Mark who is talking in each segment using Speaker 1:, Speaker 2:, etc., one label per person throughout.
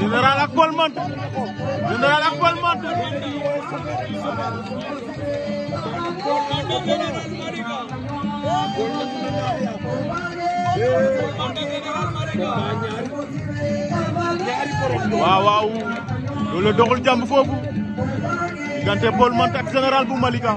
Speaker 1: Général ak Paul Menthe
Speaker 2: Général ak Paul
Speaker 1: Menthe waaw waaw loolu doxul jàmm foofu diggante Paul Menthe ak Général bu Malika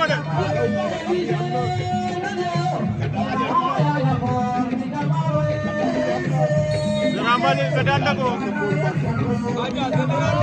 Speaker 1: Ramani Vedanta